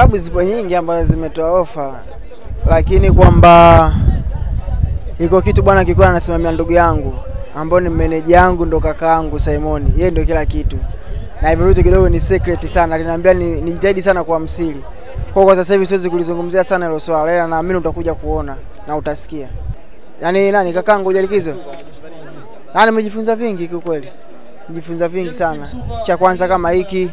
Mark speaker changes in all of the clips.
Speaker 1: klabu zipo nyingi ambazo zimetoa ofa, lakini kwamba iko kitu bwana kikuwa anasimamia ndugu yangu ambao ni meneja yangu ndo kakaangu Simon, yeye ndio kila kitu, na hivyo vitu kidogo ni secret sana, linaambia nijitahidi ni sana kwa msiri. Kwa kwa sasa hivi siwezi kulizungumzia sana hilo swala, ila naamini utakuja kuona na utasikia. Yani nani yangu hujalikizo? nani, nimejifunza vingi kiukweli, nimejifunza vingi sana. Cha kwanza kama hiki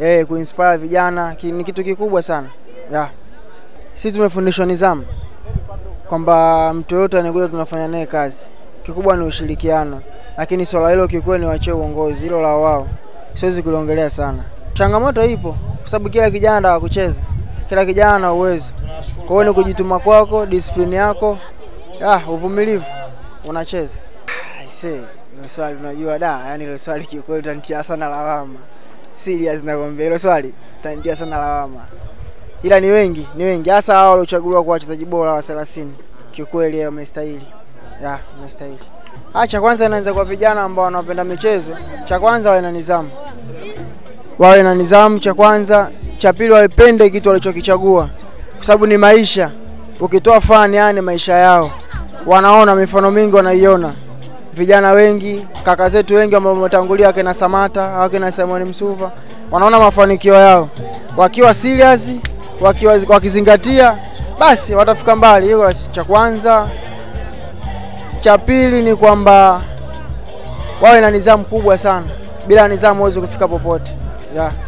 Speaker 1: eh, kuinspire vijana ki, ni kitu kikubwa sana yeah. Sisi tumefundishwa nizamu kwamba mtu yoyote anakuja tunafanya naye kazi, kikubwa ni ushirikiano, lakini swala hilo kikweli ni wachie uongozi, hilo la wao siwezi kuliongelea sana. Changamoto ipo kwa sababu kila kijana anataka kucheza, kila kijana ana uwezo. Kwa hiyo ni kujituma kwako, discipline yako, yeah, uvumilivu, unacheza.
Speaker 2: I see, hilo swali unajua da, yani ile swali kikweli utanitia sana lawama serious nakwambia hilo swali tanitia sana lawama, ila ni wengi, ni wengi hasa hao waliochaguliwa kuwa wachezaji bora wa 30 kiukweli, eh, wamestahili ya wamestahili.
Speaker 1: Ah, cha kwanza naanza kwa vijana ambao wanapenda michezo, cha kwanza wawe na nidhamu, wawe na nidhamu cha kwanza, cha pili wapende kitu walichokichagua, kwa sababu ni maisha. Ukitoa fani, yani maisha yao, wanaona mifano mingi, wanaiona vijana wengi, kaka zetu wengi ambao wametangulia, akina Samata au akina Simon Msuva, wanaona mafanikio yao wakiwa serious, wakiwa wakizingatia, basi watafika mbali. Hiyo cha kwanza. Cha pili ni kwamba wawe na nidhamu kubwa sana, bila nidhamu huwezi kufika popote yeah.